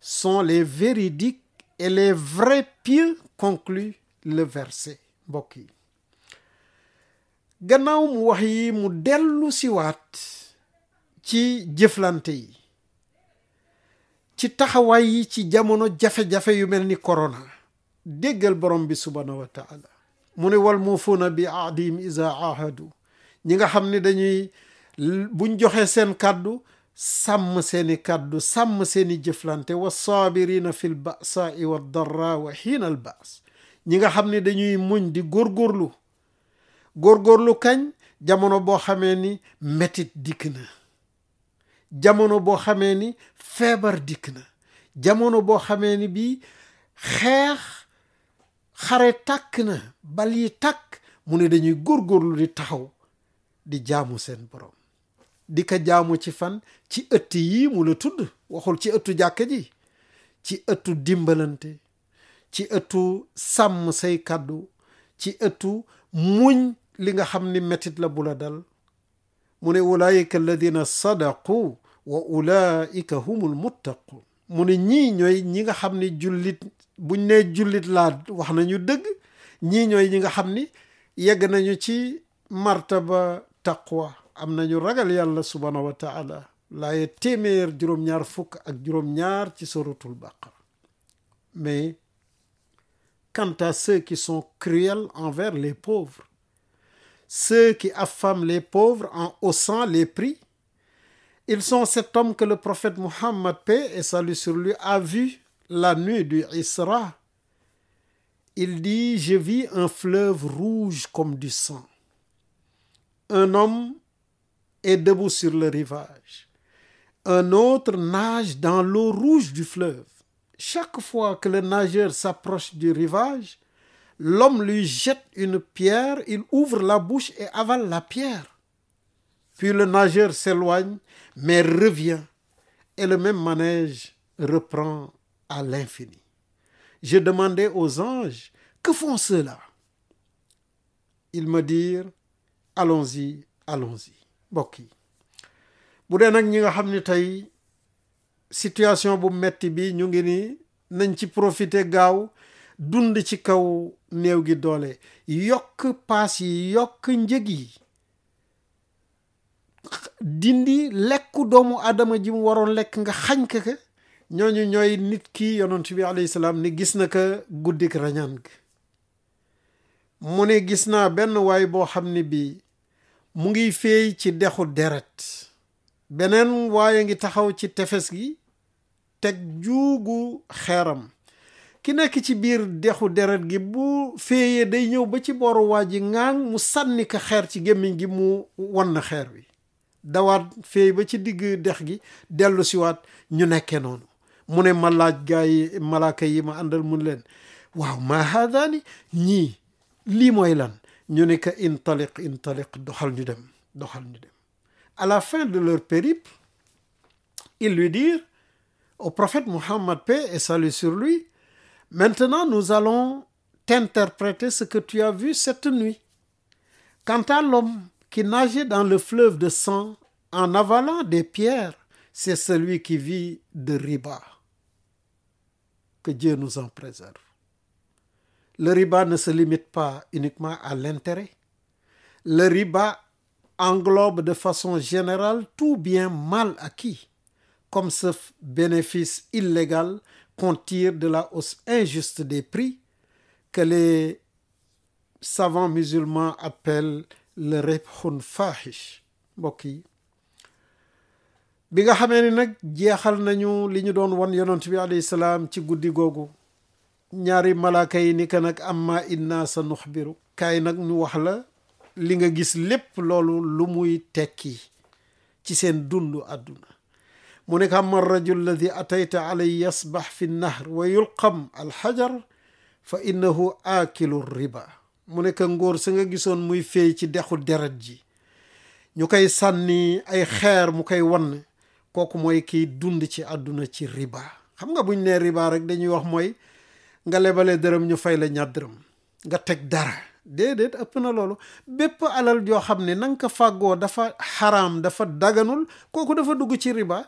sont les véridiques et les vrais pieux, conclut le verset mbokk yi gannaaw mu wax ci jëflante yi ci taxawaay yi ci jamono jafe-jafe yu mel ni korona déggal borom bi subhaanahu wa mu ne wal muufuuna bi ahdim isa ahadu ñi nga xam ne dañuy buñ joxee seen kàddu sàmm seeni kàddu sàmm seeni jëflante wa saabirina fi l basaai wa wa xiina baas ñi nga xam ni dañuy muñ di góor góorgóorlu góorgóorlu kañ jamono boo xamee ni metit dikk na jamono boo xamee ni feebar dikk na jamono boo xamee ni bii xeex xare tàkk na bal yi tàkk mu ne dañuy góor góorlu di taxaw di jaamu seen borom di ko jaamu ci fan ci ëtt yii mu la tudd waxul ci ëttu jàkka ji ci ëttu dimbalante ci ëttu sàmm say kàddu ci ëttu muñ li nga xam ni metit la bu la dal mu ne ulaayika alladina sadaqu wa ulaayika humul muttaqun mu ne ñii ñooy ñi nga xam ni jullit buñ nee jullit laa wax nañu dëgg ñii ñooy ñi nga xam ni yegg nañu ci martaba taqwa am nañu ragal yàlla subhaanahu téeméer juróom-ñaar fukk ak juróom-ñaar ci suratul baqara mais quant à ceux qui sont cruels envers les pauvres ceux qui affament les pauvres en haussant les prix. Ils sont cet homme que le prophète Muhammad, paix et salut sur lui, a vu la nuit du Isra. Il dit, je vis un fleuve rouge comme du sang. Un homme est debout sur le rivage. Un autre nage dans l'eau rouge du fleuve. Chaque fois que le nageur s'approche du rivage, l'homme lui jette une pierre, il ouvre la bouche et avale la pierre. Puis le nageur s'éloigne, mais revient, et le même manège reprend à l'infini. Je demandais aux anges, que font ceux-là? Ils me dirent, allons-y, allons-y. mbokk yi bu dee nag ñi nga xam ni tey situation bu metti bi ñu ngi ni nañ ci profiter gaaw dund ci kaw néew gi doole yokk paas yi yokk njëg yi dindi lekku doomu aadama ji mu waroon lekk nga xañ ka ñooñu ñooy nit ki yonent bi alayhi salaam ni gis na ka guddik rañaan gi mu ne gis naa benn waay boo xam ne bii mu ngi feey ci dexu deret beneen waaye ngi taxaw ci tefes gi teg juugu xeeram ki nekk ci biir dexu deret gi bu féeyee day ñëw ba ci booru waa ji ŋaaŋ mu sànni ko xeer ci gémmiñ gi mu wan na xeer wi dawaat féey ba ci digg dex gi dellu siwaat ñu nekkee noonu mu ne ma laaj gaa yi malaaka yi ma àndal mun leen waaw maa haadaani ñii lii mooy lan ñu ne que intaliq doxal ñu dem doxal ñu dem à la fin de leur périple ils lui dirent au prophète Muhammad paix et salut sur lui Maintenant, nous allons t'interpréter ce que tu as vu cette nuit. Quant à l'homme qui nageait dans le fleuve de sang en avalant des pierres, c'est celui qui vit de riba. Que Dieu nous en préserve. Le riba ne se limite pas uniquement à l'intérêt. Le riba englobe de façon générale tout bien mal acquis, comme ce bénéfice illégal qu'on tire de la hausse injuste des prix que les savants musulmans appellent le rebhun fahish mbokk yi bi nga xamee ni nag jeexal nañu li ñu doon wan yonent bi alayhi salaam ci guddi googu ñaari malaaka yi ni que nag amma inna sa nuxbiru kaay nag ñu wax la li nga gis lépp loolu lu muy tekki ci seen dundu àdduna mu ne ko ama rajul ladi atayta alay yasbax fi nnahr wa yulqam alxajar fa innahu aakilu riba mu ne ko ngóor sa nga gisoon muy feey ci dexu deret ji ñu koy sànni ay xeer mu koy wan kooku mooy kiy dund ci àdduna ci riba xam nga buñ nee riba rek dañuy wax mooy nga lebale dërëm ñu fay la ñaar nga teg dara déedéet ëpp na loolu bépp alal joo xam ne nanga ko fàggoo dafa xaram dafa daganul kooku dafa dugg ci riba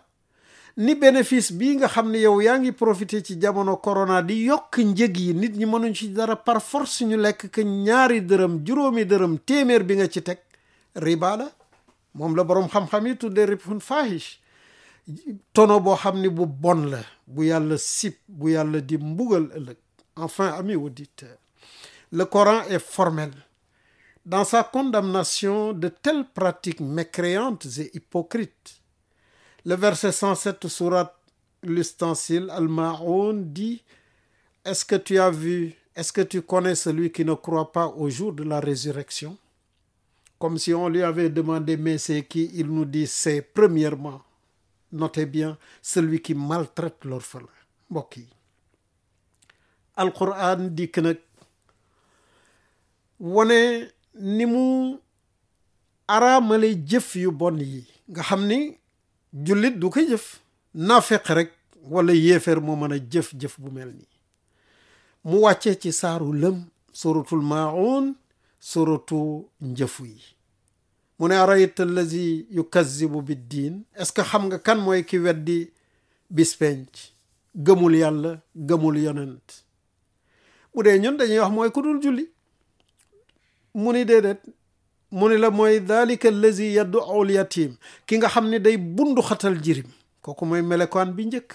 ni bénéfice bii nga xam ne yow yaa ngi profité ci jamono corona di yokk njëg yi nit ñi mënuñ ci dara par force ñu lekk que ñaari dërëm juróomi dërëm téeméer bi nga ci teg riba moom la boroom xam-xam yi tuddee ribhun fahish tono boo xam ni bu bon la bu yàlla sib bu yàlla di mbugal ëllëg enfin ami auditeurs le Coran est formel dans sa condamnation de telles pratique mécréantes et hypocrites Le verset 107 sourate l'ustensile Al-Ma'un dit Est-ce que tu as vu, est-ce que tu connais celui qui ne croit pas au jour de la résurrection? Comme si on lui avait demandé mais c'est qui? Il nous dit c'est premièrement, notez bien, celui qui maltraite l'orphelin. Mbokk yi, Al-Qur'an dikk nag wone ni mu araamale jëf yu bon yi nga xam jullit du ko jëf naafeq rek wala yéeféer moo mën a jëf-jëf bu mel nii mu wàccee ci saaru lëm suratul maun sorotu njëfu yi mu ne arayta allazi yukazibu biddiin est-ce que xam nga kan mooy ki weddi bis gëmul yàlla gëmul yonent bu dee ñun dañuy wax mooy ku dul julli mu ni déedéet mu ne la mooy dalika allazi yad'u al yatim ki nga xam ne day bunduxatal xatal jirim kooku mooy melokaan bi njëkk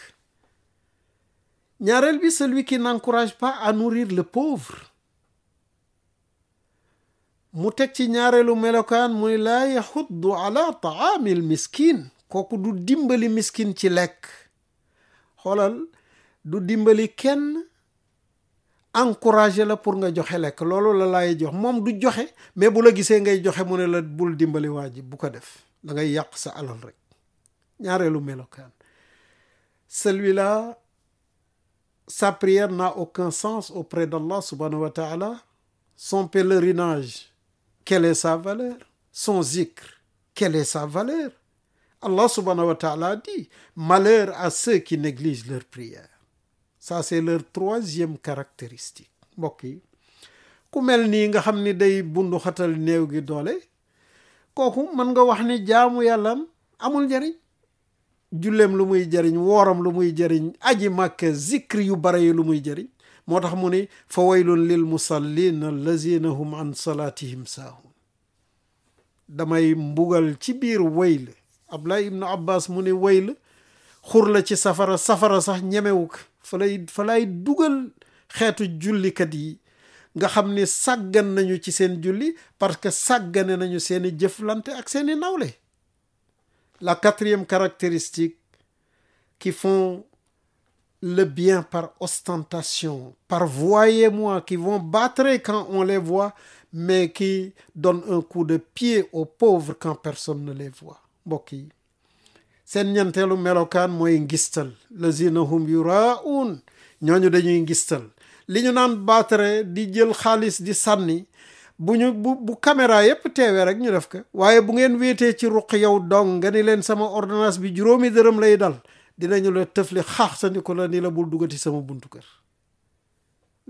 ñaareel bi celui qui n'encourage pas à nourrir le pauvre mu teg ci ñaareelu melokaan muy laa yaxuddu ala taamil miskin kooku du dimbali miskin ci lekk xoolal du dimbali kenn encouragé la pour nga joxe lekk loolu la laay jox moom du joxe mais bu la gisee ngay joxe mu ne la bul dimbali waa ji bu ko def da ngay yàq sa alal rek ñaareelu melokaan celui-là sa prière n'a aucun sens auprès d'Allah subhanahu wa ta'ala son pèlerinage quelle sa valeur son zikr quelle est sa valeur Allah subhanahu wa ta'ala dit à ceux qui négligent leur prière ça c'est leur troisième caractéristique mbokk yi ku mel nii nga xam ni day bunduxatal xatal néew gi doole kooku mën nga wax ni jaamu yàlla amul njariñ julleem lu muy jariñ wooram lu muy jariñ aji màkk zikri yu bare yi lu muy jariñ moo tax mu ni fa waylun lil musallin allazina hum an salaatihim saahun damay mbugal ci biir wayl Abdullah ibnu Abbas mu ni wayl xur la ci safara safara sax ñemewu ko fa lay fa dugal xeetu jullikat yi nga xam ni sàggan nañu ci seen julli parce que saggane nañu seeni jëflante ak seeni nawle la quatrième caractéristique qui font le bien par ostentation par voyez-moi qui vont battre quand on les voit mais qui donnent un coup de pied aux pauvres quand personne ne les voit mbokk yi seen ñenteelu melokaan mooy ngistal lazina hum yuraun ñooñu dañuy ngistal li ñu naan baatare di jël xaalis di sànni bu ñu bu bu caméra yépp teewee rek ñu def ko waaye bu ngeen wéetee ci ruq yow dong nga ni leen sama ordonnance bi juróomi dërëm lay dal dinañu la tëfli xaax sa ko la ni la bul duggati sama buntu kër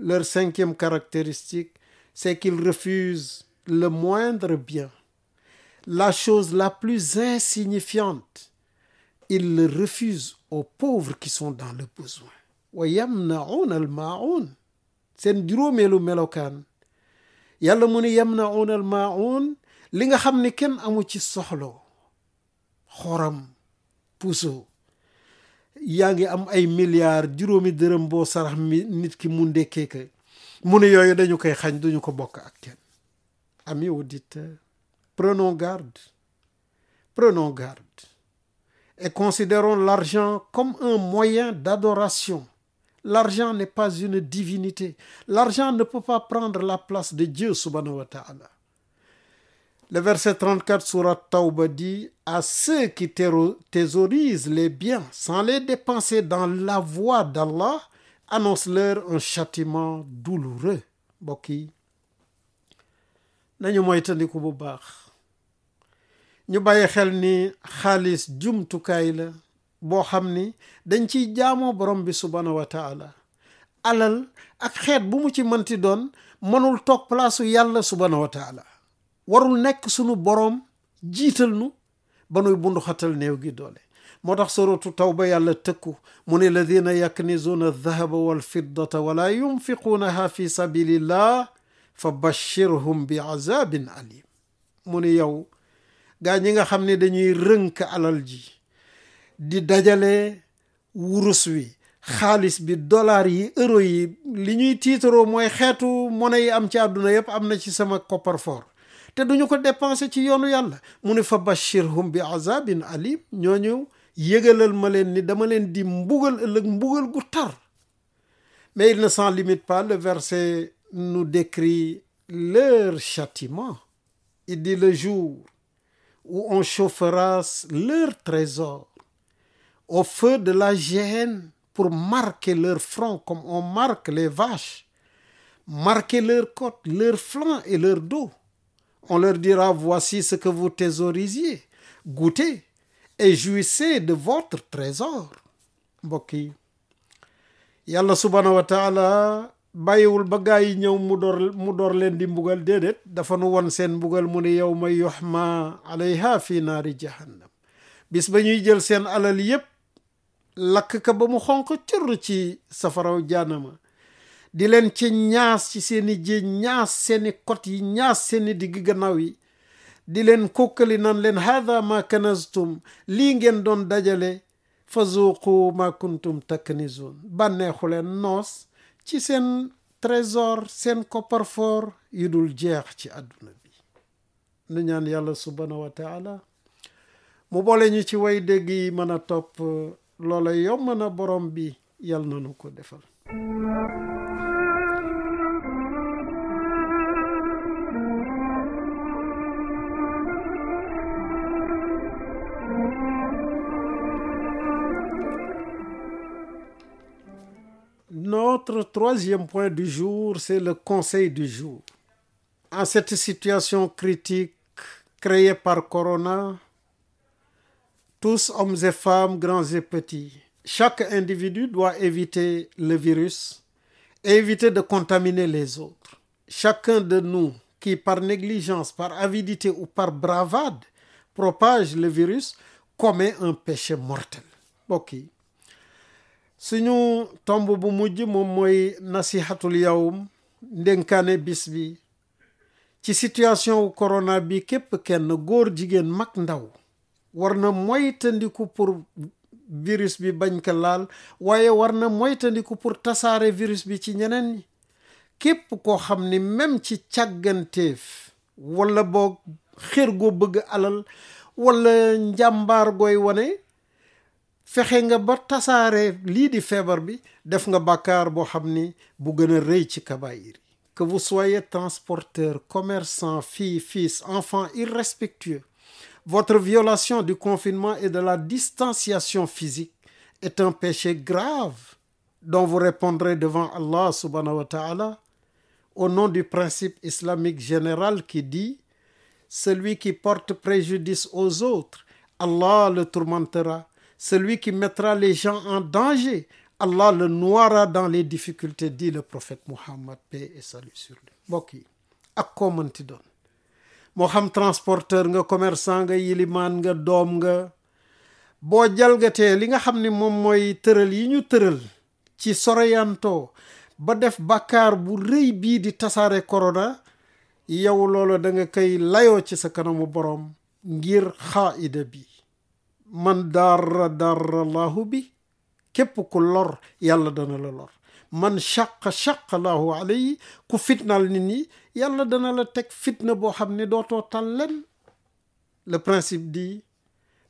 leur cinquième caractéristique c'est qu'ils refusent le moindre bien la chose la plus insignifiante ils le aux pauvres qui sont dans le besoin wa yamnauna al maun seen juróomeelu melokaan yàlla mu ne yamnauna al maun li nga xam ni kenn amu ci soxlo xoram puso yaa ngi am ay milliards juróomi dërëm boo sarax mi nit ki mu ndekkee ka mu ne yooyu dañu koy xañ duñu ko bokk ak kenn amis auditeurs prenons garde prenons garde et considérons l'argent comme un moyen d'adoration. L'argent n'est pas une divinité. L'argent ne peut pas prendre la place de Dieu subhanahu wa ta'ala. Le verset 34 surat Tawba dit à ceux qui thésaurisent les biens sans les dépenser dans la voie d'Allah, annonce-leur un châtiment douloureux. Mbokk yi, nañu moytandiku bu baax. ñu bàyyi xel ni xaalis jumtukaay la boo xam ni dañ ci jaamoo borom bi subhaanahu wa taala alal ak xeet bu mu ci mënti doon mënul toog palaasu yàlla subhaanahu wa warul nekk sunu boroom jiital nu ba bunduxatal bundu néew gi doole moo tax suratu tawba yàlla tëkku mu ne ladina yaknizuuna aldahaba walfiddata wala yunfiquunaha fi sabilillah fa bashirhum bi azabin alim mu gaa ñi nga xam ne dañuy rënk alal ji di dajale wurus wi xaalis bi dollar yi euro yi li ñuy tiitaroo mooy xeetu monnaie yi am ci àdduna yëpp am na ci sama coffre-fort te duñu ko dépensé ci yoonu yàlla mu ne fa bashirhum bi azabin alim ñooñu yëgalal ma leen ni dama leen di mbugal ëllëg mbugal gu tar mais il ne s'en limite pas le verset nu décrit leur châtiment il dit le jour où on chauffera leur trésor au feu de la géhenne pour marquer leur front comme on marque les vaches, marquer leurs côtes, leurs flancs et leur dos. On leur dira, voici ce que vous thésaurisiez, goûtez et jouissez de votre trésor. mbokk yi yàlla subhaanahu wa taala bàyyiwul ba gaa yi ñëw mu door mu door leen di mbugal déedéet dafa nu won seen mbugal mu ne yawma yuhma alayha fi naari jahannam bis ba ñuy jël seen alal yépp lakk ka ba mu xonq cër ci safaraw jaanama di leen ci ñaas ci seeni jéej ñaas seeni kot yi ñaas seeni digg gannaaw yi di leen kokkali naan leen haada ma kanaztum lii ngeen doon dajale fa zuuqu ma kuntum taknizuun bànneexu leen noos ci seen trésor seen coffre-fort yu dul jeex ci àdduna bi nu ñaan yàlla subhaanahu wa mu boole ñu ci way dégg yi mën a topp loola yomb na borom bi yàlla na nu ko defal Notre troisième point du jour, c'est le conseil du jour. En cette situation critique créée par Corona, tous hommes et femmes, grands et petits, chaque individu doit éviter le virus et éviter de contaminer les autres. Chacun de nous qui, par négligence, par avidité ou par bravade, propage le virus, commet un péché mortel. mbokk suñu tomb bu mujj moom mooy nasihatul yawm ndénkaane bis bi ci situation wu corona bi képp kenn góor jigéen mag ndaw war moytandiku pour virus bi bañ ko laal waaye war na moytandiku pour tasaare virus bi ci ñeneen ñi képp koo xam ni même ci càgganteef wala boo xër goo bëgg alal wala njàmbaar gooy wane fexe nga ba tasaare lii di feebar bi def nga bàkkaar boo xam ni bu gën rëy ci kabaayir yi que vous soyez transporteur commerçant fille fils enfant irrespectueux votre violation du confinement et de la distanciation physique est un péché grave dont vous répondrez devant Allah subhanahu wa ta'ala au nom du principe islamique général qui dit celui qui porte préjudice aux autres Allah le tourmentera celui qui mettra les gens en danger, Allah le noiera dans les difficultés dit le prophète Muhammad paix et salut sur lui mbokk yi ak koo mënti doon moo xam transporteur nga commerçant nga yilimaan nga doom nga boo jalgatee li nga xam ni moom mooy tëral yi ñu tëral ci soroyantoo ba def bàkkaar bu rëy bii di tasaare korona yow loolu da nga koy layoo ci sa kanamu boroom ngir xaida bi man darra darra laahu bi képp ku lor yàlla dana la lor man chaqa chaqa laahu alayhi ku fitnaal nit ñi yàlla dana la teg fitna boo xam ne dootoo tal leen le principe dit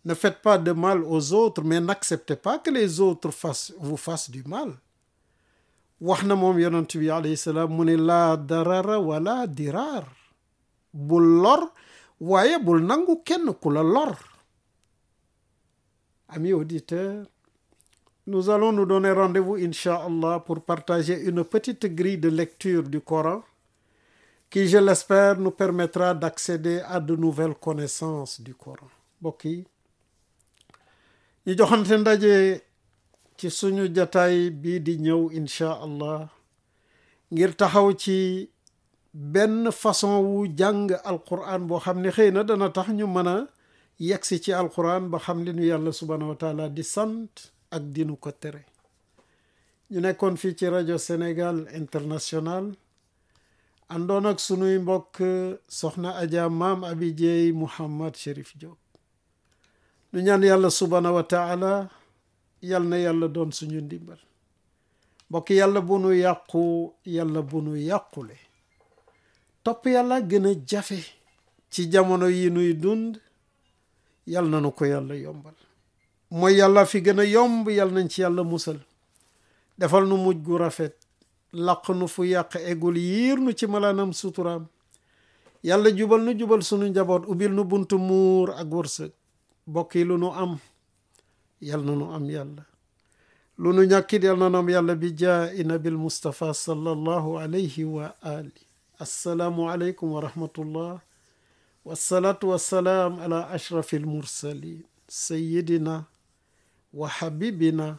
ne faites pas de mal aux autres mais n'acceptez pas que les autres fassent vous fassent du mal wax na moom yonent bi alayhi salaam mu ne laa darara wala diraar bul lor waaye bul nangu kenn ku la lor ami auditeur nous allons nous donner rendez-vous, Inch'Allah, pour partager une petite grille de lecture du Coran qui, je l'espère, nous permettra d'accéder à de nouvelles connaissances du Coran. Mbokk yi ñu joxante ndaje ci suñu jataay bii di ñëw incha allah ngir taxaw ci benn façon wu jàng Alqur'an boo xam ne xëy na dana tax ñu mën a yegsi ci alxuraan ba xam li nu yàlla subhaanahu wa di sant ak dinu ko tere ñu nekkoon fii ci rajo Sénégal international àndoon ak sunuy mbokk soxna Adja Maam Abi Jeey Mouhammad Chérif nu ñaan yàlla subhaanahu wa taala na yàlla doon suñu ndimbal mbokk yàlla bu nu yàqu yàlla bu nu yàqule topp yàlla gën a jafe ci jamono yi nuy dund yal nanu ko yàlla yombal mooy yàlla fi gëna yomb yal nañ ci yàlla musal defal nu muj gu rafet laq nu fu yàq eggul yiir nu ci malaan am suturaam yàlla jubal nu jubal sunu njaboot ubbil nu buntu muur ak wërsëg bokk yi lu nu am yal na nu am yàlla lu nu ñàkkit yal na am yàlla bi jaa i nabil mustafa sallallahu alayhi wa ali assalaamu aleykum wa rahmatullah wasalaatu wasalaam ala ashrafi almursalin sayidina wa habibina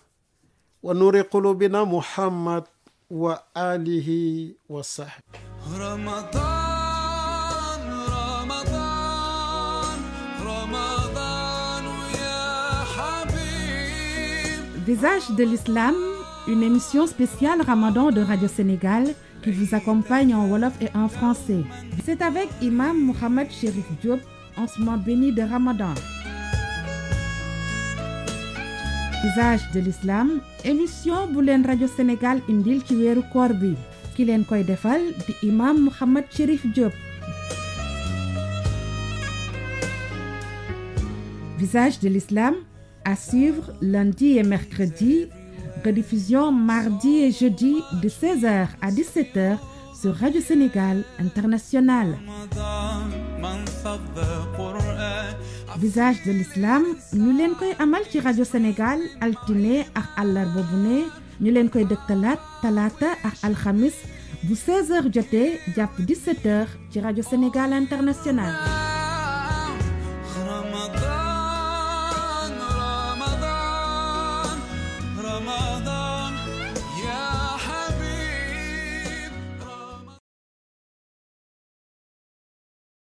wa nuuri qulubina muhammad wa alihi wa sahbi ramadan ramadan ramadan ya habib visage de l'islam une émission spéciale ramadan de radio sénégal qui vous accompagne en wolof et en français. C'est avec Imam Mohamed Chérif Diop en ce mois de Ramadan. Visage de l'islam émission bu leen rajo Sénégal indil ci weeru koor bi ki leen koy defal di Imam Mohamed Chérif Diop. Visage de l'islam à suivre lundi et mercredi rediffusion mardi et jeudi de 16h à 17h sur Radio Visage de l'islam ñu leen koy amal ci Radio Sénégal altine ak àllarba bu ne ñu leen koy dëktalaat talaata ak alxamis bu 16h jotee jàpp 17h ci Radio Sénégal International.